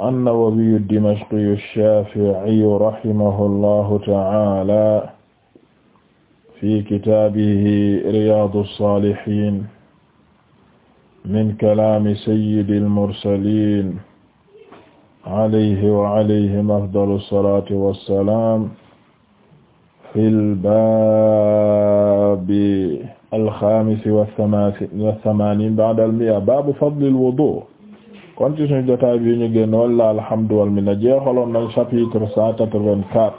an-Nawawi ad-Dimashqi ash-Shafi'i rahimahu llahu ta'ala fi kitaabihi Riyaadu s-Saalihiin min kalaami sayyidil mursaliin alayhi wa alayhim afdalu s-salaati wa s-salaam fil baabi al-khaamis wa thamaniin ba'da al-mi'a baabu fadlil wudu' kon ci suñu jotaay ñu génn walla alhamdu wal minna jeexaloon chapitre cent quatre-vingt-quatre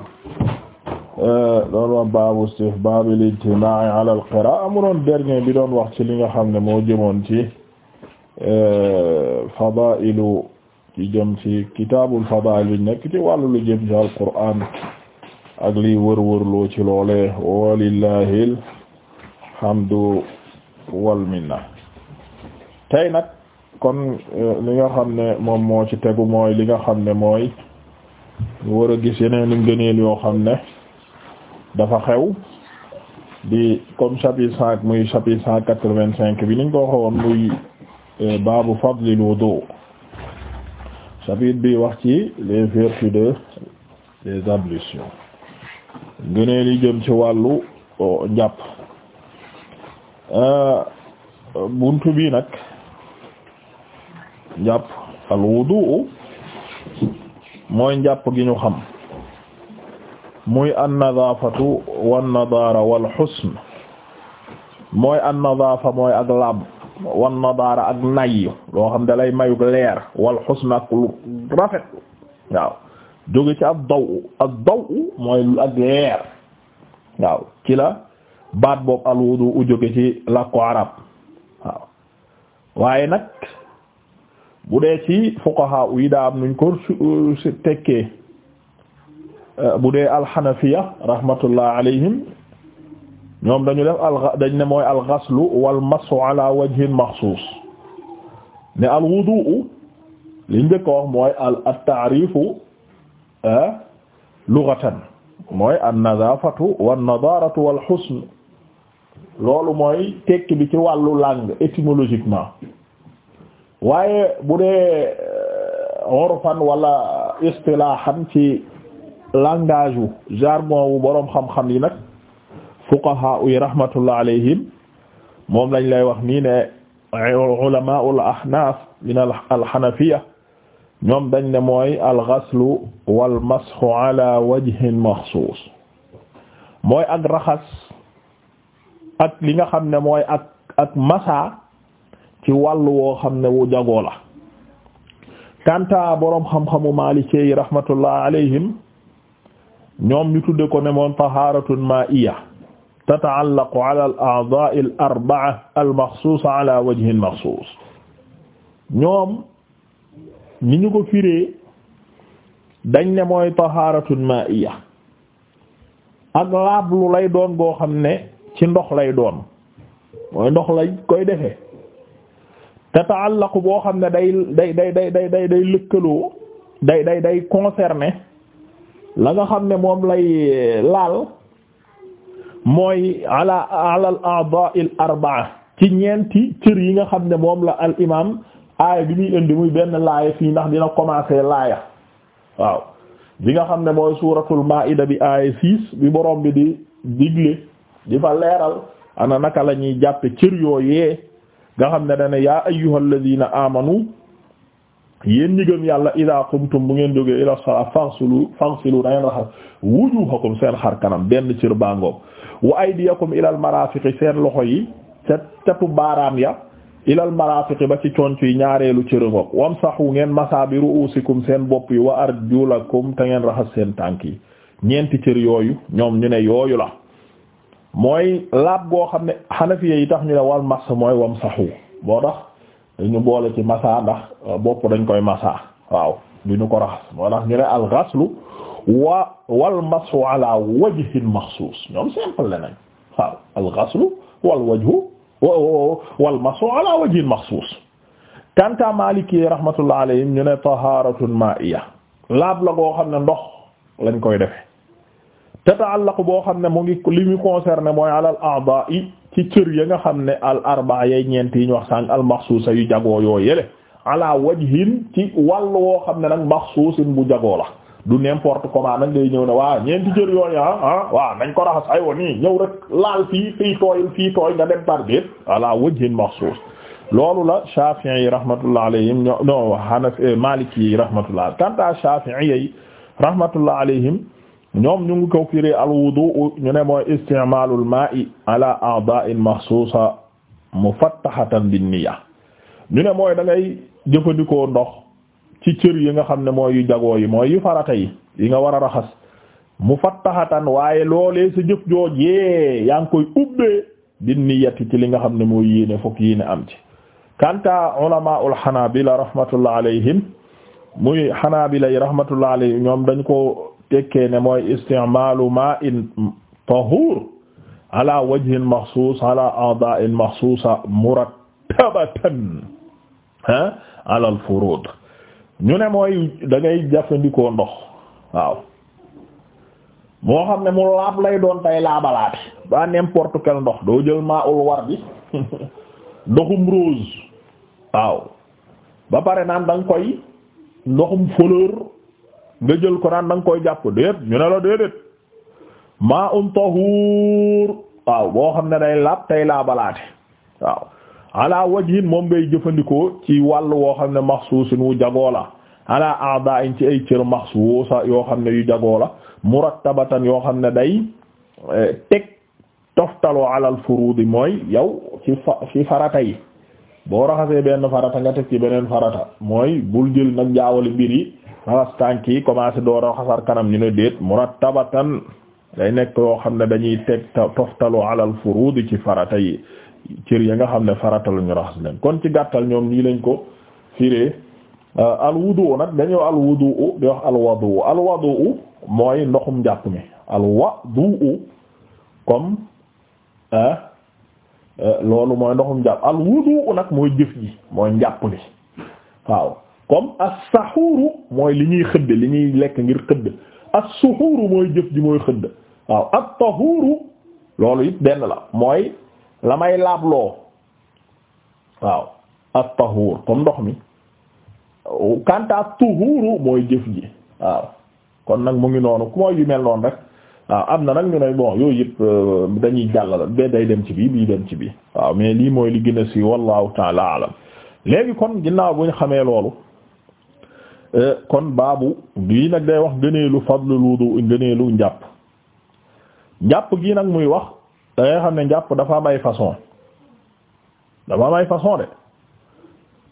loolu wa baabu istihbaab al-ijtimaa'i al-qiraa'a amuloon dernier bi doon wax ci li nga xam ne moo jëmoon ci e, fadaa'ilu ci jëm ci kitaabul fadaa'il bi ci wàllu loole walillaahil hamdu wal kon euh, li nga xam ne moom moo ci tegu mooy li nga xam ne mooy war a gis yeneen i ngëneel yoo xam ne dafa xew di comme chapitre cinq muy chapitre cent quatre-vingt-cinq bi niñ ko waxoon muy euh, baabu fadlil wudu chapitre bi wax ci les vertus de les ablutions ngëneel yi jëm ci wàllu euh, njàpp bunt bi nag njàpp al wudu mooy njàpp gi ñu xam muy an nadaafatu wan nadaara wal xusn mooy an nadaafa mooy ak laab wan nadaara ak nay loo xam da lay mayug leer wal xusn ak rafet waaw jóge ci ab daw ak mooy ak leer waaw ci la baat boobu al wudu u jóge arab waaw waaye nag bu dee ci fuqaha yi daa am nuñ tekke tekkee euh, bu dee alxanafiya rahmatullah alayhim ñoom dañu def al dañ ne mooy alxaslu wal masu ala wajhin maxsuus ne al wudu li njëkk mooy al taarifu euh, lughatan mooy al nadaafatu wal nadaaratu wal xusn loolu mooy tekki bi ci wàllu langue étymologiquement waaye bu dee euh, orfan wala istilahan ci langage wu jargon wu boroom xam-xam yi nag fuqaha yi rahmatullah alayhim moom lañ lay wax nii ne ulamaul ahnaf min alxanafiya ñoom dañ ne mooy alxaslu wal masxu ala wajhin maxsuus mooy ak raxas ak li nga xam ne mooy ak ak masa ci wàll woo xam ne wu jagoo la kanta boroom xam-xamu Maliki yi alayhim ñoom ñu tudde ko ne moom taharatun ma'iyya tata'allaqu ala al-a'daa'i al ala wajhin maxsuus ñoom ni ñu ko firee dañ ne mooy taharatun ma'iyya ak laab lay doon goo xam ne ci ndox lay doon mooy ndox lay koy defee tataallaqu boo xam ne day day day day day day day lëkkaloo day day day concerné la nga xam ne moom lay laal mooy ala ala al a'daa al arbaa ci ñeenti cër yi nga xam ne moom la al imam aaya bi muy indi muy benn laaya fii ndax dina commencer laaya waaw bi nga xam ne mooy suuratul maa'ida bi aaya six bi borom bi di digle di fa leeral ana naka la ñuy jàppe cër yooyee nga xam ne dane ya ayyuhal ladina amanu yéen ñi gëm yàlla ida qumtum bu ngeen jógee ila salaa faghsilu faghsilu na ngeen raxas wujuhakum seen xar kanam benn cër bangoom wa aydiyakum ilal marafiqi seen loxo yi ca catu baaraam ya ilal marafiqi ba ci conc yi ñaareelu cërëngoog wamsahu ngeen masa bi ru'usikum seen bopp yi wa arjulakum te ngeen raxas seen tànk yi ñeenti cër yooyu ñoom ñu ne yooyu la mooy laab goo xam ne xanafiya yi tax ñu ne wal mas mooy wam saxu boo tax ñu boole ci masa ndax euh, bopp dañ koy masa waaw du ñu ko raxas moo tax ñu ne al ghaslu wa wal masu wa wajhin maxsuus ñoom simple le nañ waaw al ghaslu wal wajhu wal masu ala wajhin maxsuus kanta maliki rahmatullah alayhim ñu ne taharatun ma'iyya laab la goo xam ne ndox lañ koy defe tataallaqu boo xam ne mu ngi li mu concerné mooy alal a'da ci cër ya nga xam ne al arbaa yay ñeent yi ñu wax sànq al maxsuusa yu jagoo yoo yële ala wajhin ci wàll woo xam ne nag maxsuusin bu jagoo la du n'importe comment nag ngay ñëw ne waa ñeenti cër yooyu ah ah waaw nañ ko raxas aywa nii ñëw rek laal fii fii tooyil fii tooy nga dem par déet wajhin maxsuus loolu la Shafi'i yi rahmatullah alayhim ño no Hanafi Maliki yi rahmatullah kanta Shafi'i yi rahmatullah alayhim ñoom ñu ngi ko firi al wudu ñu ne mooy isticmaalul maa'i ala a'daa'in maxsuusa mufattahatan bin niyya ñu ne mooy da ngay jëfandikoo ndox ci cër yi nga xam ne mooy yu jagoo yi mooy yu yi nga war a raxas mufattahatan waaye loolee sa jëf joojee yaa ngi koy ubbee bin niyyati li nga xam ne mooy yéene fokk yéene am ci kanta ulamaul xanaabila rahmatullah alayhim muy xanaabila yi rahmatullah alayhim ñoom dañ ko tekkee ne mooy isticmalu ma'in tahur ala wajhin maxsuus ala a'da'in maxsuusa murattabatan ha ala al furud ñu ne mooy da ngay ndox waaw moo xam ne mu laab lay doon tay laabalaate ba n'importe quel ndox doo jël ma'ul wardi ndoxum rose waaw ba pare naan danga koy ndoxum fleur nga jël ko naan da koy jàpp déet ñu ne la déedéet maa um tahuur waaw boo xam ne day laab laa balaate waaw ala wajhin moom ngay jëfandikoo ci wàll woo xam ne maxsuusin wu jagoo la ala aada in ci ay cër maxsuusa yoo xam ne yu jagoo la murattabatan yoo xam ne day eh, teg toftaloo alal furuudi mooy yow ci farata yi boo raxasee benn farata nga teg ci beneen farata mooy bul jël nag jaawale mbir yi raxas tànk yi commencé door a xasar kanam ñu ne déet murattabatan day nekk yoo xam ne dañuy teg toftalu alal furuud ci farata yi cër ya nga xam ne farata la ñu raxas leen kon ci gàttal ñoom nii lañ ko firee euh, al wudu nag dañoo al wudu di wax al wadu mooy ndoxum njàpp mi al wadu comme euh, loolu mooy ndoxum njàpp al wudu nag mooy jëf ji mooy njàpp li waaw comme as-sahuru mooy li ñuy xëdd li ñuy lekk ngir xëdd as-suhuru mooy jëf ji mooy xëdd waaw at-tahuru loolu it benn la mooy la may laabloo waaw at-tahur comme ndox mi kanta at mooy jëf ji waaw kon nag mu ngi noonu ku mooy yu mel noon rek waaw am na nag ñu ne bon yooyu yëpp euh, dañuy jàllal ba day dem ci bii bii dem ci bii waaw mais lii mooy li gën a si wallahu taala alam léegi kon ginnaaw bu ñu xamee loolu Euh, kon baabu gii nag day wax lu fadlul wudu ngëneelu njàpp njàpp gii nag muy wax da xam ne njàpp dafa am ay façon dafa am ay façon de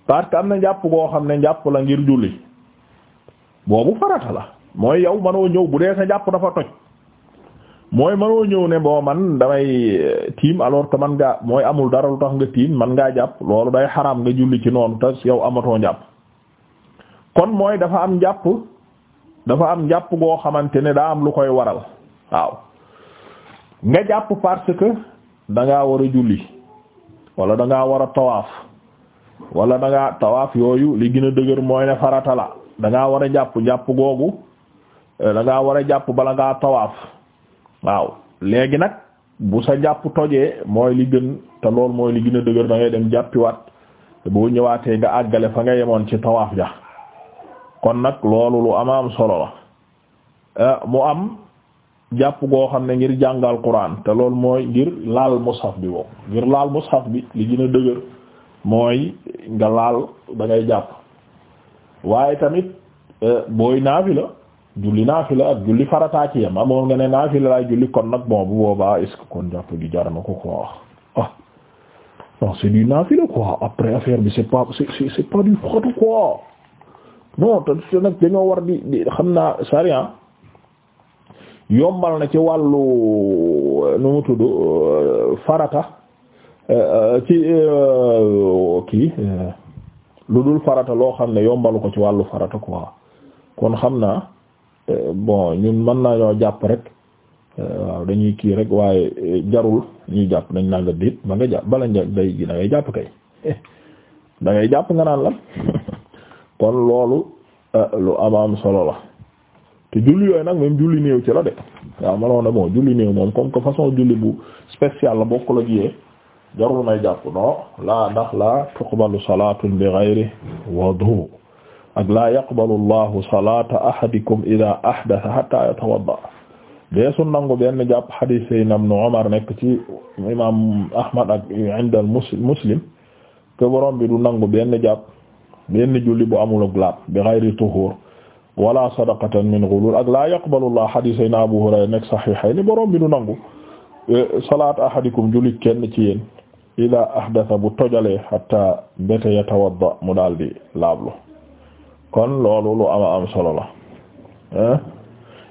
parce que am na njàpp goo xam ne njàpp la ngir julli boobu farata la mooy yow manoo ñëw bu dee sa njàpp dafa toj mooy manoo ñëw ne boo man damay euh, tiim alors que man ngaa mooy amul dara lu tax nga tiim man ngaa jàpp loolu day xaraam nga julli ci noonu te yow amatoo njàpp kon mooy dafa am njàpp dafa am njàpp goo xamante ne daa am lu koy waral waaw nga jàpp parce que da ngaa war a julli wala da ngaa war a tawaaf wala da ngaa yooyu li gën a dëgër mooy ne farata la da ngaa war a jàpp njàpp googu eh, da ngaa war a jàpp bala ngaa tawaaf waaw léegi nag bu sa jàpp tojee mooy li gën te lool mooy li gën a dëgër da ngay dem jàppiwaat boo ñëwaatee nga àggale fa nga yemoon ci tawaaf ja kon nag loolu lu ama am solo la eh, mu am jàpp goo xam ne ngir jàngal Qur'an te loolu mooy ngir laal mushaf bi boobu ngir laal mushaf bi li gën a dëgër mooy nga laal da ngay jàpp waaye tamit eh, booy naafila julli naafila ak julli farataa ci yam amoon nga ne naafila laay julli kon nag bon bu boobaa est-ce que kon jàpp gi jar na ko quoi ah c'est du naafila quoi après affaire bi c'est pas c'est pas du frotte quoi. non te nag dañoo war di di xam naa sariya yombal na ci wàllu euh, nu mu tudd euh, farata euh, ci kii lu dul farata loo xam ne yombalu ko ci wàllu farata quoi kon xam naa bon ñun mën nañoo jàpp rek waaw dañuy kii rek waaye jarul ñuy jàpp dañ naa nga déet ba nga jàpp bala nga day gi da ngay jàpp kay da jàpp nga naan lan kon loolu eh, lu amaam solo la te julli yooyu nag même julli néew ci la de waaw manoon na bon julli néew moom comme que façon julli bu spécial la bokk la jiyee jarul may jàpp non laa ndax laa tuqbalu salatun bi ghayri ak laa yaqbalu allahu salata ahadikum ida ahdatha hatta yatawadda deesu nangu benn jàpp hadith sayna ibn Umar nekk ci imam Ahmad ak inda muslim ke borom bi du nangu benn jàpp benn julli bu amul ak laab bi ghayri tuhur wala sadaqatan min ghulul ak la yaqbalu llah hadise na Abu Hurayra nekk sahihayn borom bi nu nangu e, salaat ahadikum julli kenn ci yéen ida ahdatha bu tojale hatta mbéte yatawadda mu daal di laablu kon loolu lu ama am solo la e?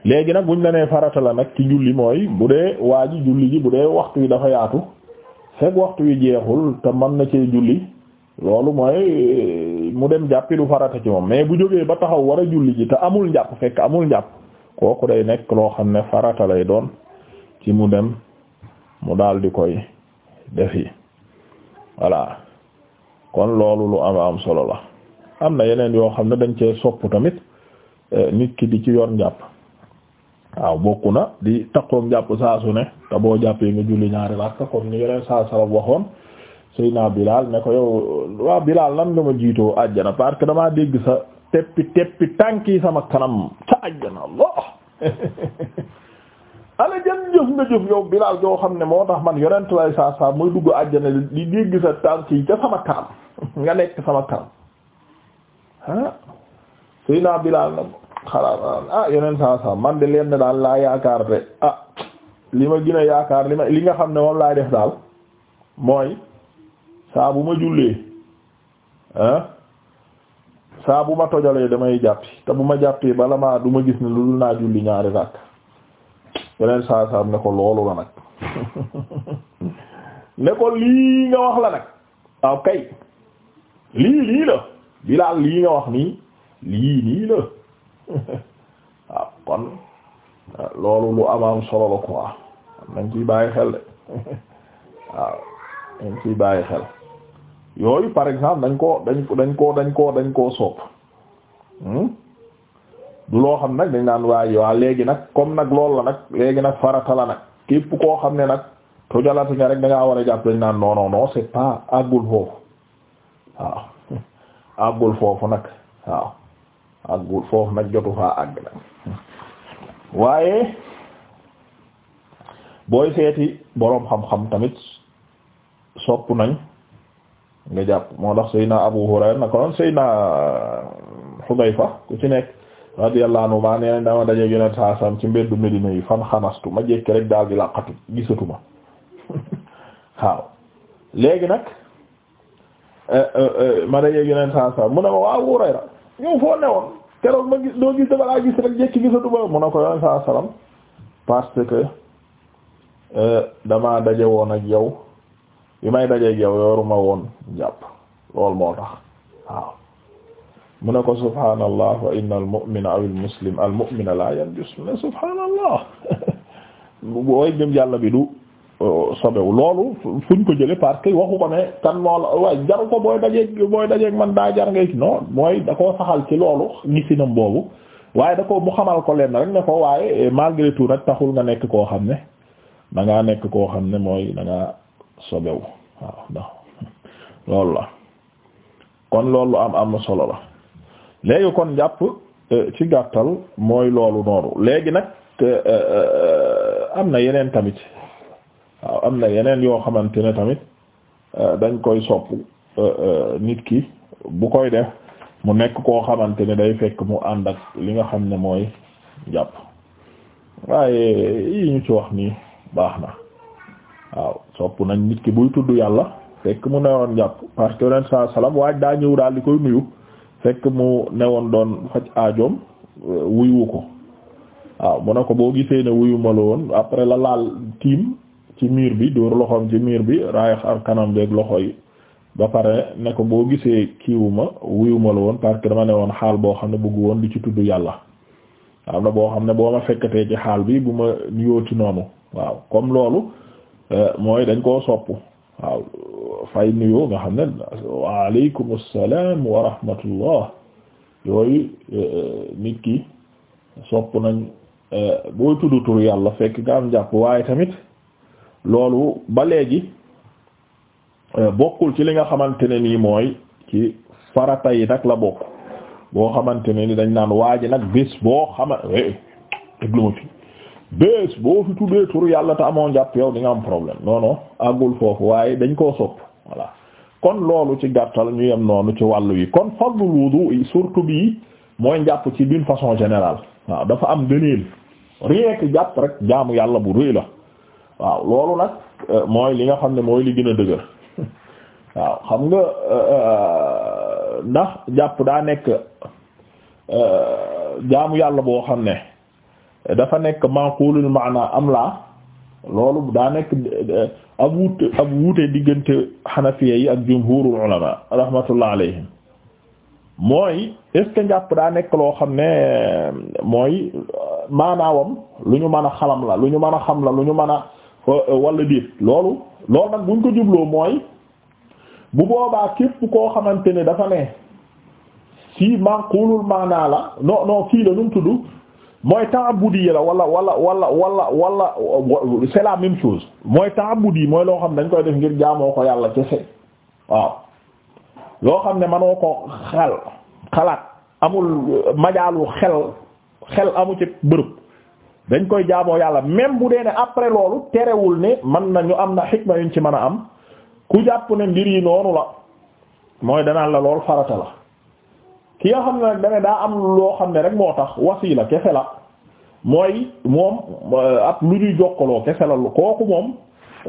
léegi nag buñ la nee farata la nag ci julli mooy bu dee waa ji julli ji bu dee waxtu yi dafa yaatu fekk waxtu yi jeexul te mën na cee julli loolu mooy mu dem jàppi du farata ci moom mais bu jógee ba taxaw war a julli ji te amul njàpp fekk amul njàpp kooku day nekk loo xam ne farata lay doon ci mu dem mu daal di koy defi voilà kon loolu lu am am solo la am na yeneen yoo xam ne dañ cee sopp tamit eh, nit ki di ci yor njàpp waaw bokk na di takkook njàpp saa su ne te boo jàppee nga julli ñaari rakka comme ni yeneen saa salaf waxoon Seyna Bilal ne ko yow waaw Bilal lan nga ma jiitoo àjjana parce damaa dégg sa teppi teppi tànki sama kanam sa àjjana Allah ala jëf nga jëf yow Bilal joo xam ne moo tax man yonent way saa saa mooy dugg àjjana li dégg sa tànki ca sama kanam nga nekk sama kanam ah Seyna Bilal na xalaat ah yonent saa saa man de leen daal laa yaakaar de ah li ma gën yaakaar li ma li nga xam ne moom laay def daal mooy. saa bu ma jullee ah saa bu ma tojalee damay jàppi te bu ma jàppee bala maa du ma gis ne lu naa julli ñaari ràkk yeneen saa saa ne ko loolu la nag ne ko lii nga wax la nag waaw ah, kay lii lii la bilaal lii nga wax nii lii nii la waaw ah, kon ah, loolu lu am solo ko quoi nañ ciy bàyyi xel de waaw nañ ciy bàyyi xel yooyu par exemple dañ koo dañ dañ koo dañ koo dañ koo sopp hmm? du loo xam nag dañ naan waay waa léegi nag comme nag lool la nag léegi nag farata la nag képp koo xam ne nag tojalati jalatuña rek da ngaa a jàpp dañ naan non non non c'est pas àggul foofu waaw àggul foofu nag waaw àggul foofu nag jotu faa àgg nag waaye booy seeti boroom xam-xam tamit sopp nañ nga jàpp moo tax Seydina Abu Hurayra naka noonu Seydina Hudayfa ku ci nekk radiyallahu anhu maa nee dama dajeeg yeneen saa saam ci mbeddu Medina yi fan xanastu ma jékki rek daal di laqatu gisatuma waaw léegi nag eh, eh, eh, ma dajeeg yeneen saa saam mu ne ma waa Abu Hurayra ñëw foo newoon keroog ma gis doo gis dama laa gis rek jékki gisatuma mu ne ko yeneen saa salaam que damaa daje woon ak yow. bi may dajeeg yow yoruma woon jàpp loolu moo tax waaw mu ne ko subhaanallah wa inna al mu'mina aw al muslim al mu'mina la yanjus mu ne subhaanallah booy gëm bi du euh, sobewu loolu fuñ ko jële parce que waxu ko ne kan loolu waaye jaru ko booy dajeeg booy dajeeg man daa jar ngay non mooy da koo saxal ci loolu gisinam boobu waaye da ko mu xamal ko leen rek ne ko waaye malgré tout nag taxul nga nekk koo xam ne da nekk koo xam ne mooy da sobewu waaw loolu la kon loolu am am solo la léegi kon jàpp e, ci gàttal mooy loolu noonu léegi nag e, e, am na yeneen tamit waaw am na yeneen yoo xamante ne tamit dañ koy sopp nit ki bu koy def mu nekk koo xamante ne day fekk mu ànd ak li nga xam ne mooy jàpp waaye yi ñu ci wax nii baax na waaw sopp nañ nit ki buy tudd yàlla fekk mu newoon jàpp parce que ren saa salaam waaj daa ñëw daal di koy nuyu fekk mu newoon doon faj aajoom euh, wuyuwu ko waaw mu ne ko boo gisee ne wuyu ma la woon après la laal tiim ci miir bi dóor loxoom ci miir bi raayax ak kanam beeg loxo yi ba pare ne ko boo gisee kiiwuma wuyuma la woon parce que dama ne woon xaal boo xam ne bëgg woon di ci tudd yàlla am na boo xam ne boo ma fekkatee ci xaal bi bu ma ci noonu waaw comme loolu Euh, mooy dañ koo sopp waaw fay nuyoo nga xam ne waaleykum salaam wa rahmatullah yooyu euh, nit ki sopp nañ euh, booy tudd tur yàlla fekk nga am jàpp waaye tamit loolu ba léegi bokkul ci li nga xamante ne nii mooy ci farata yi nag la bokk boo xamante ne ni dañ naan waa ji nag bis boo xama eh, déglu ma fi bés boo fi tuddee tur yàlla te amoo njàpp yow di nga am problème non non àggul foofu waaye dañ koo sopp voilà kon loolu ci gàttal ñu yem noonu ci wàll yi kon fadlul wudu surtout bi mooy njàpp ci d'une façon général waaw dafa am gëneel rien jàpp rek jaamu yàlla bu rëy la waaw loolu nag euh, mooy li nga xam ne mooy li gën a dëgër waaw xam nga euh, euh, ndax jàpp daa nekk jaamu yàlla boo xam ne dafa nekk manqulul maana am laa loolu daa nekk ab wut ab wuute diggante xanafiya yi ak jumhurul ulama rahmatullah alayhim mooy est njàpp daa nekk loo xam ne mooy maanaawam lu ñu mën a xalam la lu ñu mën a xam la lu ñu mën a wala déet loolu loolu nag buñ ko jubloo mooy bu boobaa képp koo xamante ne dafa ne si manqulul maana la non non kii la nu tudd mooy ta'abbudi la wala wala wala wala wala c'est la même chose mooy ta'abbudi mooy loo xam ne dañ koy def ngir jaamoo ko yàlla kese waaw loo xam ne manoo ko xel xalaat amul majaalu xel xel amu ci bërëb dañ koy jaamoo yàlla même bu dee ne après loolu terewul ni man na ñu am na xikma yuñ ci mën a am ku jàpp ne mbir yi noonu la mooy danaan la lool farata la ki nga xam ne nag dane daa am loo xam ne rek moo tax wasiila kese la mooy moom euh, ab lu ñuy jokkaloo kese la kooku moom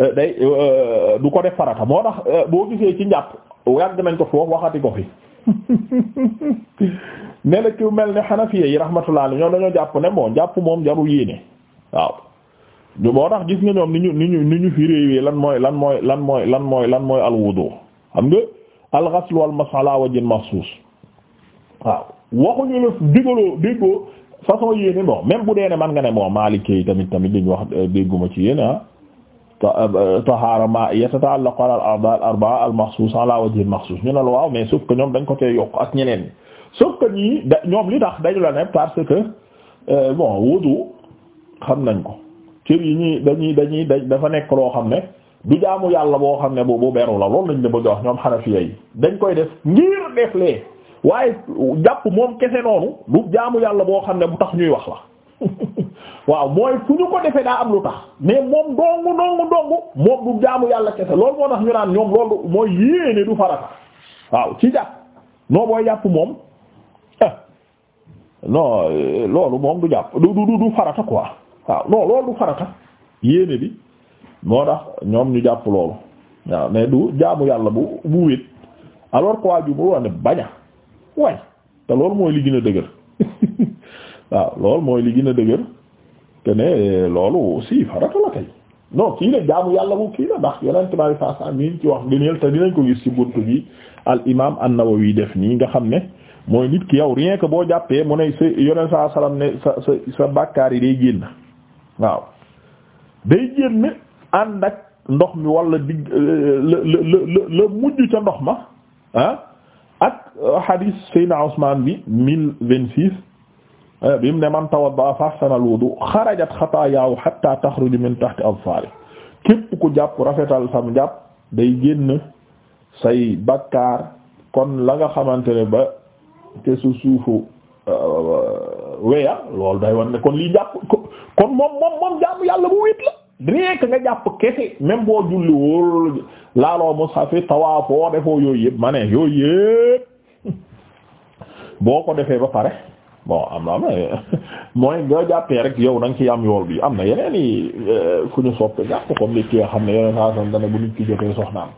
euh, day euh, du ko def farata moo tax boo gisee ci njàpp yàgg nañ ko foofu waxati ko fi ne la ku mel ne xanafiya yi rahmatullah ala ñoom dañoo jàpp ne moo jàpp moom jarul yéene waaw ñu moo tax gis nga ñoom ni ñu ni ñu ni ñu fi réewee lan mooy lan mooy lan mooy lan mooy lan alwudu xam nga alxaslu wal masalaa wajin maxsuus waaw waxuñu la digaloo déggoo façon yéene bon même bu dee ne man nga ne moo Maalikee yi tamit tamit dañu wax dégguma ci yéene ah. to euh, tahaara ma yatataallaqu ala al-a'daa al-arba'a al-maxsuus ala maxsuus ñu ne la waaw mais sauf que ñoom dañ ko tey yokk ak ñeneen ñi sauf que ñii da ñoom li tax dañu la ne parce que euh, bon wudu xam nañ ko cër yi ñuy dañuy dañuy da dafa nekk loo xam ne du jaamu yàlla boo xam ne bu bu beru la loolu lañ la bëgg a wax ñoom Hanafiya yi dañ koy def waaye jàpp moom kese noonu du jaamu yàlla boo xam ne bu tax ñuy wax la waaw mooy fu ñu ko defee daa am lu tax mais moom dongu dongu dongu moom du jaamu yàlla kese loolu moo tax ñu naan ñoom waaw ci jàpp noo moom eh, non eh, loolu moom du jàpp du du du farata quoi waaw non loolu du farata yéene bi moo tax ñoom ñu jàpp loolu waaw mais du jaamu yàlla bu bu wéet alors quoi ju mu ne baña way te loolu mooy li gën a dëgër waaw loolu mooy li gën a dëgër te ne loolu aussi farata la kay non kii la jaamu yàlla bu kii la ndax yonent bari saasan mi ci wax gëneel te dinañ ko gis ci bunt bi al imam an-Nawawi def nii nga xam ne mooy nit ki yow rien que boo jàppee mu ne sa yonent sa sa sa bàkkaar yi day génn waaw day génn ànd ak ndox mi walla dig euh, la la la mujj ca ndox ma ah, hadis Seydina Usmaan bi mille vingt six eh, bi mu ne man tawadda fa ahsanal wudu xarajat xataayaahu hatta taxruju min tahti azfaari képp ku jàpp rafetal sam jàpp day génn say bakkaar kon la nga xamante ne ba te su suufu eh, weya loolu day wan kon lii jàpp kon moom moom jàpp yàlla bu wét la rien que nga jàpp kese même julli wóor laaloo mushaf tawaafoo defoo yooyu yëpp ma yooyu yëpp boo ko defee ba pare bon am na am na mooy nga jàppee rek yow da nga ciy am yool bi am na yeneen i euh, fu ñu soppe jàpp comme li kii xam ne yeneen saa soxna bu nit ki jotee soxnaam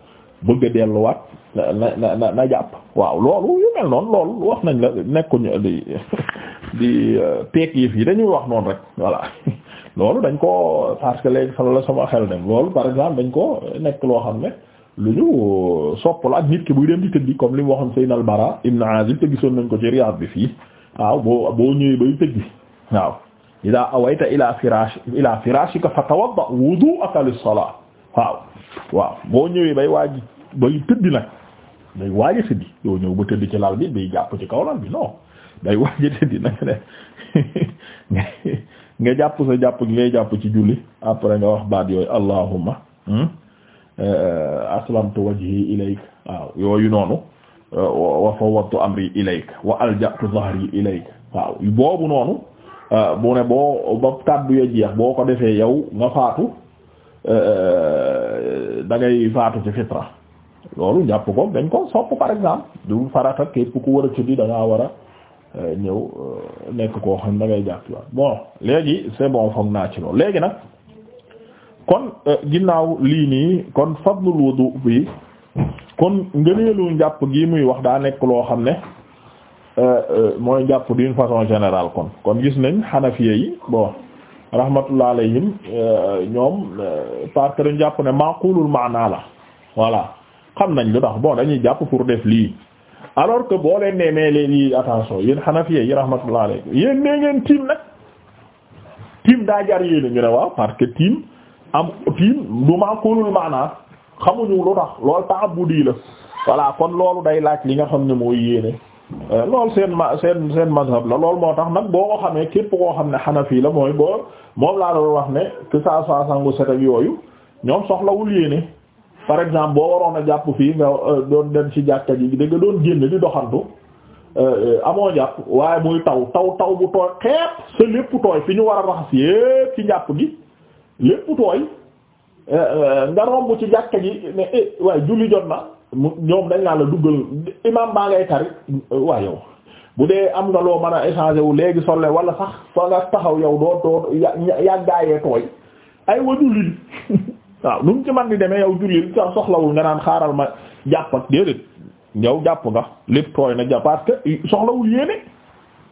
bëgg a delluwaat na na na jàpp waaw loolu yu mel noonu loolu wax nañ la nekkuñu di di euh, peek yëf yi dañuy wax noonu rek voilà loolu dañ ko parce que léegi fa sama xel dem loolu par exemple dañ ko nekk loo xam ne. lu ñu euh, sopp la ak nit ki buy dem di tëddi comme li mu waxoon Seydina al-Bara ibn Azib te gisoon nañ ko ci Riyad bi fii waaw boo boo ñëwee bay tëddi waaw ida awayta ila firash ila firashika fatawadda wudu'aka lis-salah waaw waaw boo ñëwee bay waaj bay tëddi nag day waaj a tëddi doo ñëw ba tëddi ci lal bi bay jàpp ci kaw lal bi non day waaj a tëddi nag ne nga jàpp sa jàpp gi ngay jàpp ci julli après nga wax baat yooyu allahumma hmm? euh, aslamtu wajhi ilayk waaw yooyu noonu wa fawwadtu amri ilayk wa alja'tu dhahri waaw boobu noonu bu ne boo ba kàddu ya jeex boo ko defee yow nga faatu da ngay faatu ci fitra loolu njàpp ko dañ ko sopp par exemple du farata képp ku war a tëddi da ngaa war a ñëw nekk koo xam da ngay jàpp yoon bon léegi c'est bon foog naa ci loolu léegi nag kon euh, ginnaaw lii nii kon fadlul wudu bi kon ngëneelu njàpp gi muy wax daa nekk loo xam ne euh, euh, mooy njàpp d'une façon général kon kon gis nañ xanafiya yi bon rahmatullah alayhim ñoom parce que dañ jàpp ne maqulul maana la voilà xam nañ lu tax bon dañuy jàpp pour def lii alors que boo leen nee mais lii attention yéen xanafiya yi rahmatullah alayhim yéen nee ngeen tiim nag tiim daa jar yéen ñu ne waaw tiim am tiim du maakulul maanaa xamuñu lu tax loolu dii la voilà kon loolu day laaj li nga xam ne mooy yéene euh, loolu seen ma seen seen mazhab la lool moo tax nag boo ko xamee képp koo xam ne Hanafi la mooy boo moom laa doon wax ne que ça soit sangu set ak yooyu ñoom soxlawul yéene par exemple boo waroon a jàpp fii nga euh, doon dem ci jàkka ji dëgg doon génn di doxantu euh, amoo jàpp waaye muy taw taw taw bu tooy xeet sa lépp tooy fi ñu war a raxas yépp ci jàpp gi lépp tooy euh, euh, nga romb ci jàkka ji ne eh waaye julli jot na ñoom dañ laa la duggal imam baa ngay tari waaye yow bu dee am nga loo man a échanger wu léegi solle wala sax fa nga taxaw yow doo doo yàggaayee tooy ay wa jullil waaw nu mu ci man di demee yow jullil sax soxlawul nga naan xaaral ma jàpp ak déedéet yow jàpp nga lépp tooy na jàpp parce soxlawul yéene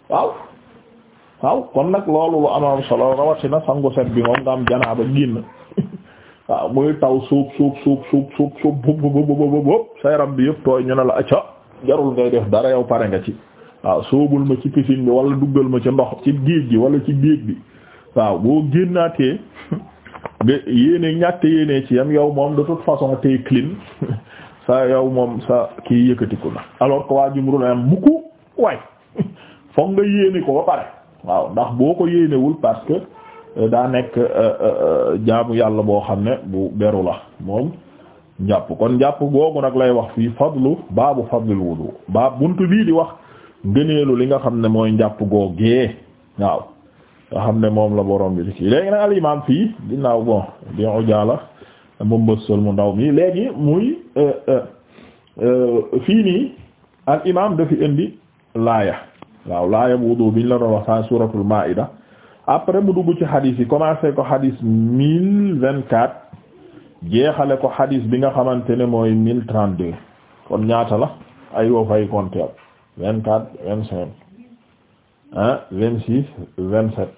waaw waaw kon nag loolu lu amoon solo rawatina sangu set bi moom nga am janaaba génn waaw muy taw suub suub suub suub suub suub buub sa yaram bi yëpp tooy ñu ne la acca jarul ngay def dara yow pare nga ci waaw soobul ma ci piscine bi wala duggal ma ci ndox ci géej gi wala ci géej bi waaw boo génnaatee nga yéene ñàkk yéene ci yam yow moom de toute façon tey clean sa yow moom sa kii yëkkatiku na alors que waa jumru na am mukku waay foog nga yéene ko waaw ndax boo ko yéenewul parce que euh, daa nekk euh, euh, jaamu yàlla boo xam ne bu beru la moom njàpp kon njàpp googu nag lay wax fii fadlu baabu fadlil wudu baab buntu bii di wax gëneelu li nga xam ne mooy njàpp googee waaw nga xam ne moom la borom bi di nag al imam fii dinaaw bon di ujaala mu mbëssal mu ndaw mi léegi muy fii nii al imam dafi indi laaya waaw laayab wudu biñ la doon wax sa suratul maida après mu dugg ci xadis yi commencé ko xadis mille vingt quatre jeexale ko xadis bi nga xamante ne mooy mille trente deux kon ñaata la ay woo fay compter vingt quatre vingt cinq ah vingt six vingt sept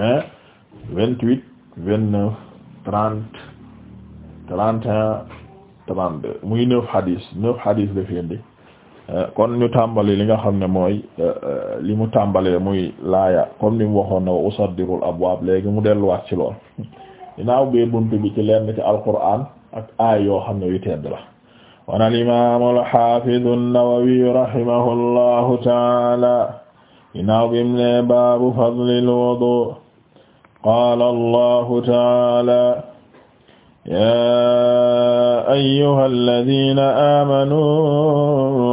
ah vingt huit vingt neuf trente trente un trente deux muy neuf xadis neuf xadis la fi Euh, kon ñu tàmbali li nga xam ne mooy euh, euh, li mu tàmbalee muy laaya comme ni mu waxoon na wa usaddirul abwaab léegi mu delluwaat ci lool dinaaw bee bunt bi ci lenn ci alquraan ak aay yoo xam ne yu tedd la wan al imaamu alxaafidu an-Nawawi rahimahullahu taala dinaaw bim ne baabu fadlil wudu qaala allahu taala yaa ayyuhal ladiina aamanuu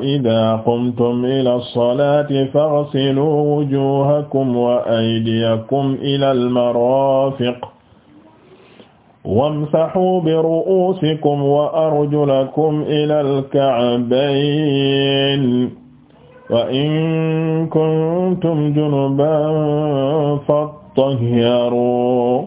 وإذا قمتم إلى الصلاة فاغسلوا وجوهكم وأيديكم إلى المرافق وامسحوا برؤوسكم وأرجلكم إلى الكعبين وإن كنتم جنبا فاطهروا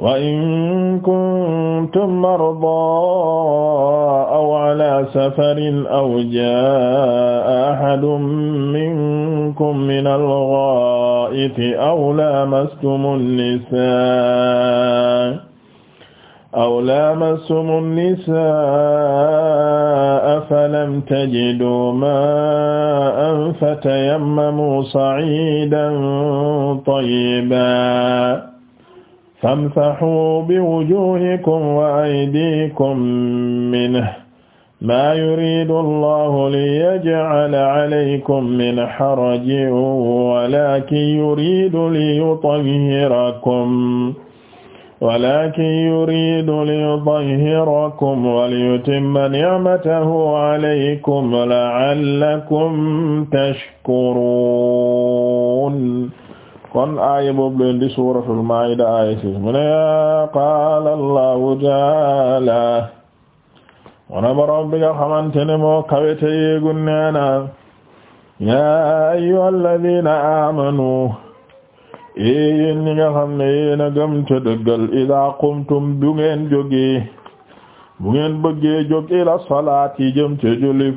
wa in kuntum mardaa aw ala safarin aw jaa ahadun minkum min al-ghaa'iti aw laamastumu nisaa aw laamastumu nisaa falam tajiduu maa'an fatayammamu sa'iidan tayyiban famsahu biwujuhikum wa aydikum minhu maa yuridu allahu liyaj'ala alaykum min harajin walaakin yuridu liyutahhirakum walaakin yuridu liyutahhirakum wa liyutimma ni'matahu alaykum la'allakum tashkuruun kon aaya boobu leen di suuratul maayida aaya siis mu ne qaala allahu taala wana borom bi nga xamante ne moo kawete yeegun neena yaa ayyuhal ladina amanu yéen ñi nga xam ne yéen a gëm te dëggal idaa qumtum bu ngeen jógee bu ngeen bëggee jóg ila salaati jëm ci julli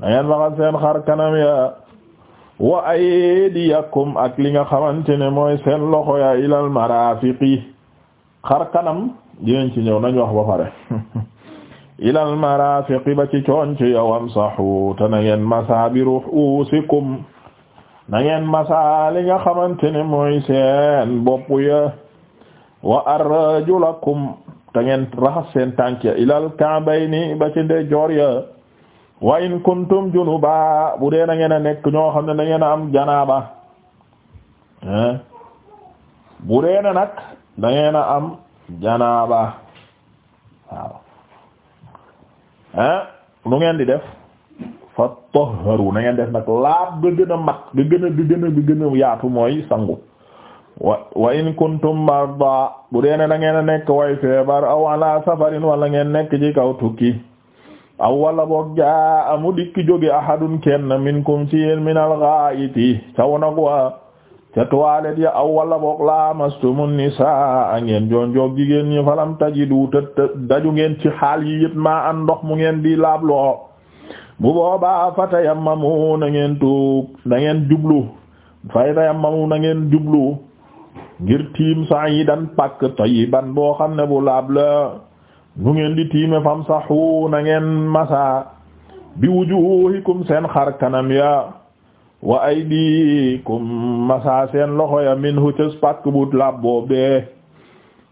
na ngeen laxas seen xar kanam ya wa aydiyakum ak li nga xamante ne mooy seen loxo ya ilal marafiqi xar ci ñëw nañ wax ba pare ilal marafiqi ba ci coonc ya wamsahu te na ngeen masaa bi ru'usikum na ngeen masa li nga xamante ne mooy seen bopp ya wa arjulakum te ngeen raxas seen tànk ya ilal ka'bayni ba ci ndeyjoor ya wa in kuntum junuba bu dee na ngeen a nekk ñoo xam ne na ngeen a am janaaba bu dee na nag da ngeen a am janaaba waaw ah lu ngeen di def fa tahharu na ngeen def nag laab ga gën a mat ga gën a ga gën a ga gën a yaatu mooy sangu wa wa in kuntum marda bu dee na ngeen a nekk way feebar aw ala safarin wala ngeen nekk ci kaw tukki aw wala boog jaa amu dikk jóge ahadun kenn minkum ci yéen min al-ghaa'iti ca wonag wa ca toilet ya aw wala boog lamastumu nisaa ngeen jonjoog jigéen ñi falam tajidu te daju ngeen ci xaal yi yëpp maa an ndox mu ngeen di laabloo bu boobaa fa tayammamu na ngeen tuub na ngeen jublu fay tayammamu na ngeen jublu ngir tiim sa'idan pak tayyiban boo xam ne bu laab la nu ngeen di tiime fam saxu na ngeen masa bi wujuhikum seen xar kanam ya wa aydikum masa seen loxo ya min hu cës pak but lab boobee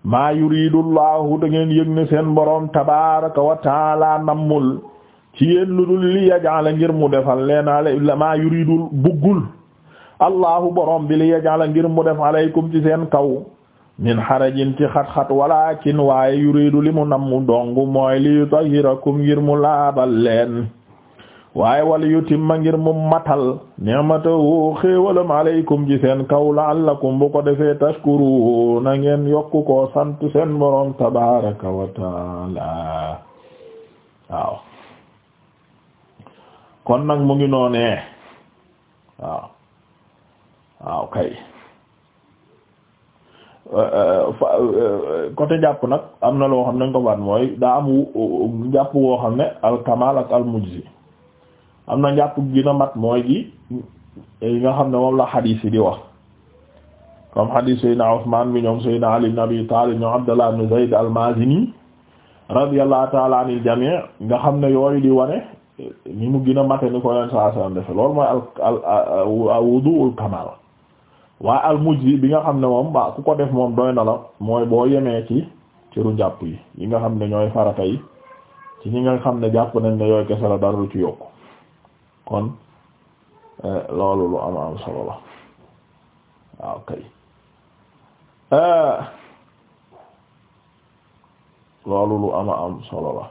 maa yuridullahu da ngeen yëg seen borom tabaraka wa taala nammul ci yéen lu dul li yajala ngir mu defal leen ale maa yuridul buggul allahu borom bi li yajala ngir mu def alaykum ci seen kaw min xarajin ci xat-xat walakin waaye yuridu li mu nam mu dong mooy li yutahhirakum ngir mu laabal leen waaye wala yutimma ngir mu matal ni'matahu xéewalam aleykum ci seen kaw la'allakum bu ko defee tashkuru na yokku ko sant seen boroom tabaraka wa waaw kon nag mu ngi noonee waaw waaw kay côté jàpp nag am na loo xam ne dañ ko baat mooy daa amu jàpp woo xam ne al kamal ak al am na jàpp gën a mat mooy gi yi nga xam ne moom la xadiis yi di wax comme xadiis Seydina Usmaan bi ñoom Seydina Ali ibn Abi Taalib ñoom Abdallah ibn Zayd al-Maazini radiyallahu ta'ala anil jamii nga xam ne yooyu di wane ni mu gina a mate ni ko leen saa saa defe loolu mooy al al wudu'ul kamal waa almujzi bi nga xam ne moom waa ku ko def moom doy na la mooy boo yemee ci cëru njàpp yi yi nga xam ne ñooy farata yi ci ñi nga xam ne jàpp nañ ne yooy kese la dara lu ci yokk kon eh, loolu lu am solo la waaw kay eh, am am solo la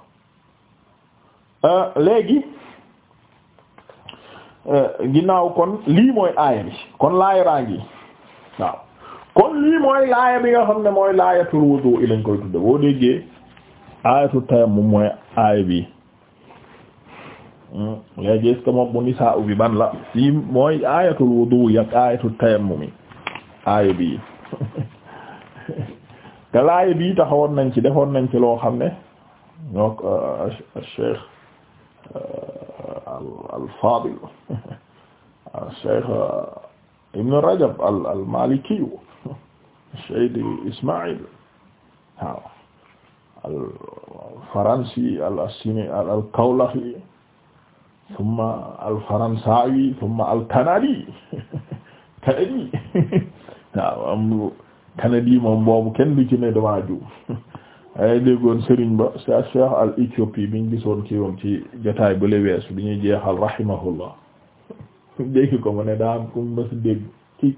eh, léegi Euh, ginnaaw kon lii mooy aaya bi kon laaya baa ngi waaw kon lii mooy laaya bi nga xam ne mooy laayatul wudu i lañ koy tudde boo déggee aayatu tayammum mooy aaya bi hmm, léegi est-ce que moom bi ban la si mooy aayatul wudu yak aayatul aaya bi te laaya bi taxawoon nañ ci defoon nañ ci loo xam ne ñoo euh, Cheikh al-Faadil Cheikh Ibn Rajab al-Maliki Sayyid Ismaïl waaw al-Faransi al-Assini al-Kawlaxi thumma al-Faransawi thumma al-Kanadi Kanadi waaw am Kanadi moom boobu kenn du ci ne damaa juum ay déggoon Serigne ba sa Cheikh al Éthiopie biñ gisoon ci moom ci jotaay bu le weesu bi ñuy jeexal rahimahullah dégg ko mu ne daa am ku mu mës dégg ci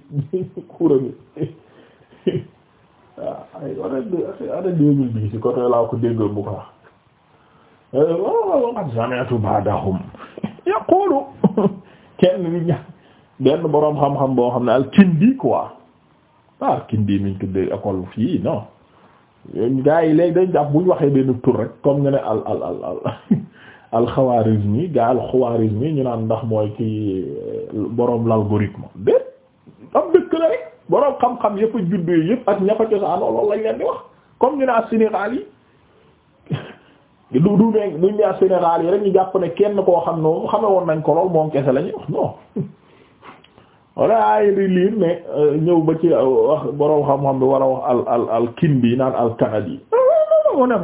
kuura bi waaw ah, ay ana ana deux mille dix ci côté laa ko déggoon bu ko eh, waaw waqad sami'tu ba'dahum yaqulu kenn bi ña benn boroom xam-xam boo xam ne al Kindi quoi ah Kindi miñ tuddee école fii non gaa yi léegi dañ jàpp bu ñu waxee benn tur rek comme nga ne al al al al alxawaarismi gaa alxawaarismi ñu naan ndax mooy kii euh, borom l'algorithme de am dëkk la rek borom xam-xam yëpp a juddu yëpp ak ña fa cosaanoo loolu lañ leen di wax comme ñu ne ak Sénégal yi du du ne duñ ne ak Sénégal yi rek ñu jàpp ne kenn koo xam ne xame woon nañ ko lool moom kese la wax non. wala aaya bi liir ne euh, ñëw ba ci euh, wax xam-xam bi war wax al al kindi naan al kanadi mu ne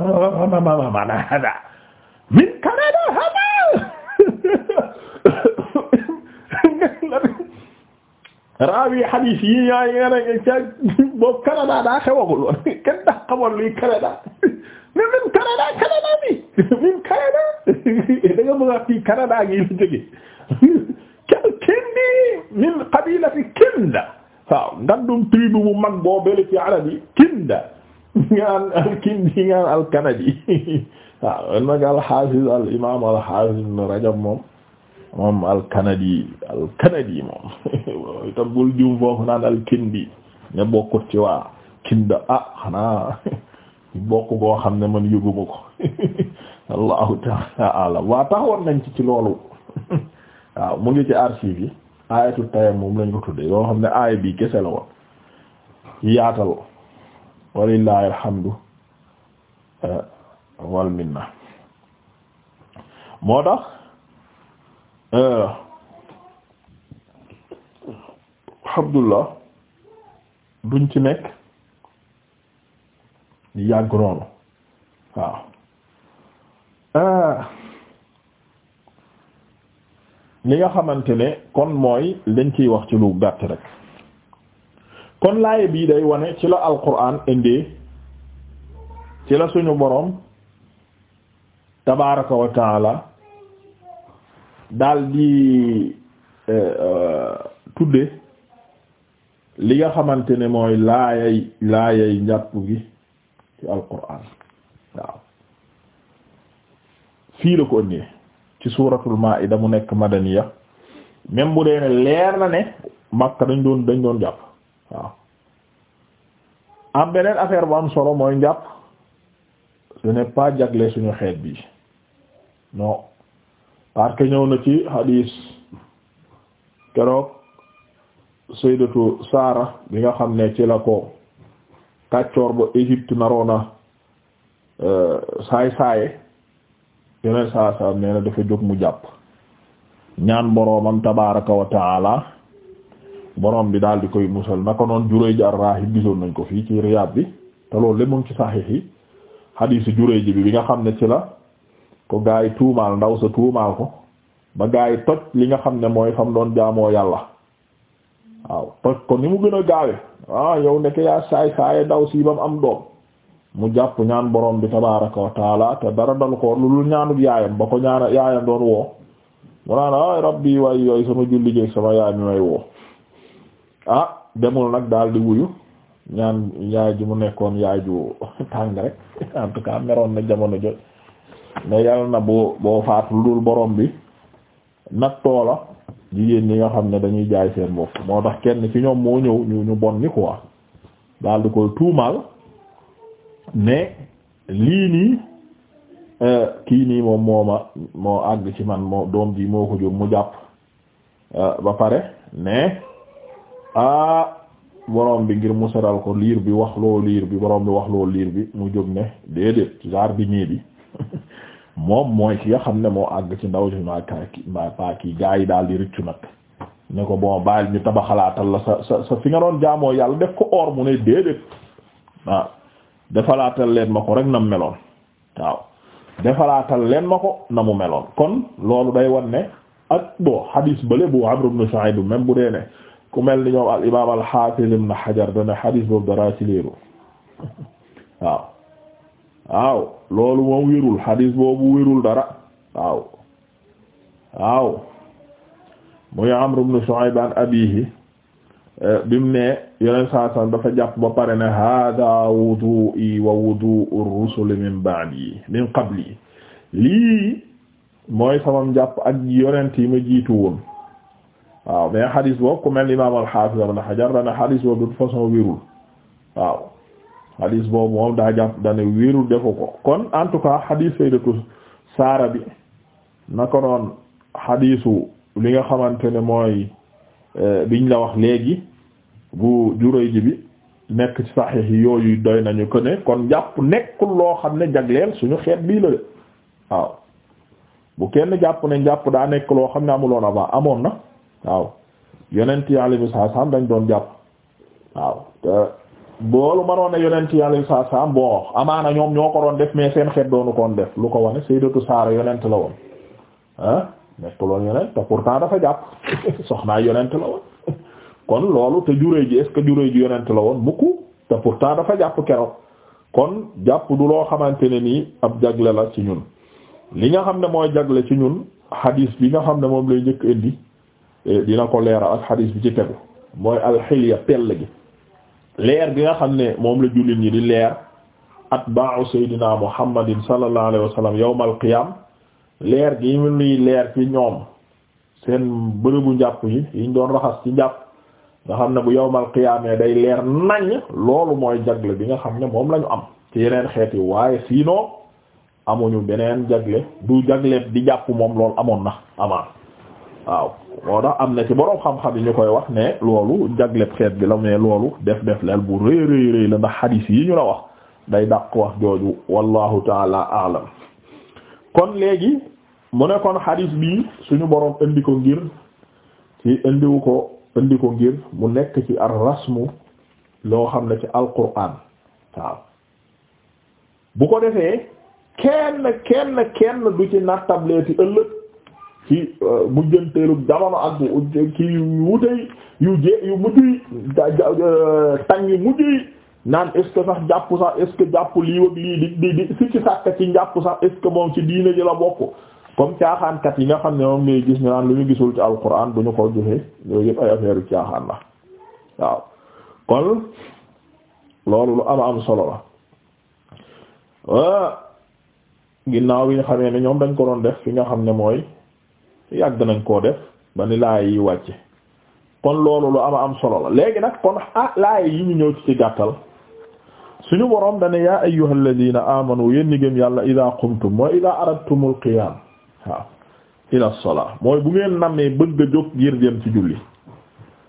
man hada min kanada hada raawi hadith yi yaa ngi ne Canada daa xewagul woon kenn daa xamoon luy Canada mais même Canada Canada bi même Canada da nga bëgg a wax Canada gi la jógee min qabilati Kinda waaw ngandum tribu bu mag boo bële ci arab yi Kinda ngaan al-Kindi ngaan al-Kanadi waaw nag al-Hafiz al-Imam al-Hafiz Ibn Rajab moom moom al-Kanadi al-Kanadi moom itam bul juum foofu naan al-Kindi ne bokkut ci Kinda ah xanaa bokk boo xam ne man yëguma ko allahu taala waa ci ci loolu waaw mu ngi ci archive aayatu tayammum lañ ko tudde yoo xam ne aaya bi kese la woon yaatal walillahi alhamdu eh, wal minna moo tax eh, alhamdulillah duñ ci nekk yàgg noonu waaw eh, li nga xamante ne kon mooy lañ ciy wax ci lu gàtt rek kon laaye bii day wane ci la alquran indee ci la suñu boroom tabaraka wa taala daal di eh, euh, tudde li nga xamante ne mooy laayay laayay njàpp gi ci alquran waaw fii la ko indee ci suuratul maa'ida mu nekk madaniya même bu dee ne leer na ne Makka dañ doon dañ doon jàpp waaw am beneen affaire bu am solo mooy njàpp ce n'est pas jagle suñu xeet bi non parce ñëw na ci hadis keroog sayyidatu Saara bi nga xam ne ci la ko kàccoor ba Égypte naroona euh, saay saaye yeneen saa saa nee na dafa jóg mu jàpp ñaan boroomam tabaaraka wa taala boroom bi daal di koy musal naka noon Jurayj ar-Raahib nañ ko fii ci Riyaad bi te loolu lépp moom ci saxiix yi xadiisu Jurayj bi bi nga xam ne ci la ko gaa yi tuumaal ndaw sa tuumaal ko ba gaa yi toj li nga xam ne mooy fam doon jaamoo yàlla waaw toj ko ni mu gën a gaawe ah, yow nekk yaa saay saaye ndaw si ba am doom mu jàpp ñaan borom bi tabaraka wa taala dara dal ko lu ñaanub yaayam ba ko ñaana yaayam doon woo mu naan yooyu sama julli sama yaay mi may ah, nag daal di wuyu ñaan ji mu nekkoon yaay ju tàng rek na jamono joj mais na boo boo faat lu dul bi nag toola jigéen ñi nga xam ne dañuy jaay seen bopp moo tax kenn ci ñoom moo ñëw ñu bon ni quoi daal di koy tuumaal ne lii nii euh, kii nii moom moo moo àgg ci man moo doom ji moo ko jóg mu jàpp euh, ba pare ne ah borom bi ngir mu seral ko liir bi wax loo liir bi borom bi wax loo liir bi mu jóg ne déedéet genre bi ñii bi moom mooy ki nga xam ne moo àgg ci ndaw si maa kii maa gaa yi daal di rëccu nag ne ko bon baal ñu tabaxalaatal la sa sa sa fi nga doon jaamoo yàlla def ko or mu ne déedéet waaw. defalaatal leen ma ko rek na mu meloon waaw defalaatal leen ma ko na mu meloon kon loolu day wan ne ak bon hadis bële bu Amr ibn Shu'ayb même bu dee ne ku mel ni ñoom al imaam al Haafiz ibn Hajar dana hadis boobu dara ci leeru waaw waaw loolu moom wérul hadis boobu wérul dara waaw waaw muy Amr ibn Shu'ayb an abiihi Euh, bi ne yeneen saa saa dafa jàpp ba pare ne hada wudu'i wa wudu'u rusuli min ba'di min qabli lii mooy samam jàpp ak yonent yi ma jiitu woon waaw mais xadis boobu ku mel ni imaam al-Hafiz Ibn Hajar boobu daa jàpp dana wérul defu ko kon en tout cas xadis sayyidatu Saara bi na ko noon xadisu li nga xamante ne mooy euh, biñ la wax léegi bu juróoy ji bi nekk ci saxiix yi yooyu doy nañu ko ne kon jàpp nekkul loo xam ne jagleel suñu xeet bii la de waaw bu kenn jàpp ne jàpp daa nekk loo xam ne amuloon avant amoon na waaw yonent yàlla bi saa saam dañ doon jàpp waaw te boolu manoon ne yonent yàlla bi saa saam boo amaana ñoom ñoo ko doon def mais seen xeet doonu koon def lu ko wane sayyidatu Saara yonent la woon ah nekk loon yonent te pourtant dafa jàpp soxnaa yonent la woon kon loolu te juree ji est-ce que juree ji yonent la woon mukk te pourtant dafa jàpp keroog kon jàpp du loo xamante ne nii ab jagle la ci ñun li nga xam ne mooy jagle ci ñun xadiis bi nga xam ne moom lay njëkk indi eh, dina ko leeral ak xadiis bi ci tegu mooy alxiliya pell gi leer gi nga xam ne moom la jullit ñi di leer atba'u sayyidina muhammadin sallallahu alayhi wa sallam yawmal qiyam leer gi mu leer ci ñoom seen bërëbu njàpp yi yiñ doon raxas ci njàpp nga xam ne bu yowmal qiyaamee day leer nañ loolu mooy jagle bi nga xam ne moom lañu am ci yeneen xeet yi waaye sinon amuñu beneen jagle du jagleet di jàpp moom loolu amoon na amaan waaw moo tax am na ci boroom xam-xam yi ñu koy wax ne loolu jagleet xeet bi la mais loolu def def leel bu rëy rëy rëy la ndax xadiis yi ñu la wax day dàq wax jooju wallahu taala alam kon léegi mu ne kon xadiis bi suñu boroom indi ko ngir ci indiwu ko indi ko ngir mu nekk ci ar rasmu loo xam ne ci alquraan waaw bu ko defee kenn kenn kenn du ci nattable ci ëllëg ci euh, mujjanteelu jamono ak ci wutey yu je yu mujj euh, tàng yu naan est sax jàpp sax est-ce que jàpp lii wëg lii di di di si ci sàkk ci njàpp sax est moom ci diine ji la bokk comme caaxaankat yi nga xam ne moom ngay gis ñu naan lu ñu gisul ci alquran bu ñu koo joxe yooyu yëpp ay affaire yu caaxaan la waaw kon loolu lu ama am solo la ginnaaw bi ñu xamee ne ñoom dañ ko doon def fi nga xam ne mooy yàgg nañ koo def ba ni laay yi wàcce kon loolu lu ama am solo léegi nag kon ah laay yi ñu ñëw ci gàttal suñu boroom dane yaa ayyuhalladhina amanu yéen ñi gëm yàlla idaa qumtum wa idaa aradtumul qiyaam waaw ila salaa mooy bu ngeen nammee bëgg a jóg ngir dem ci julli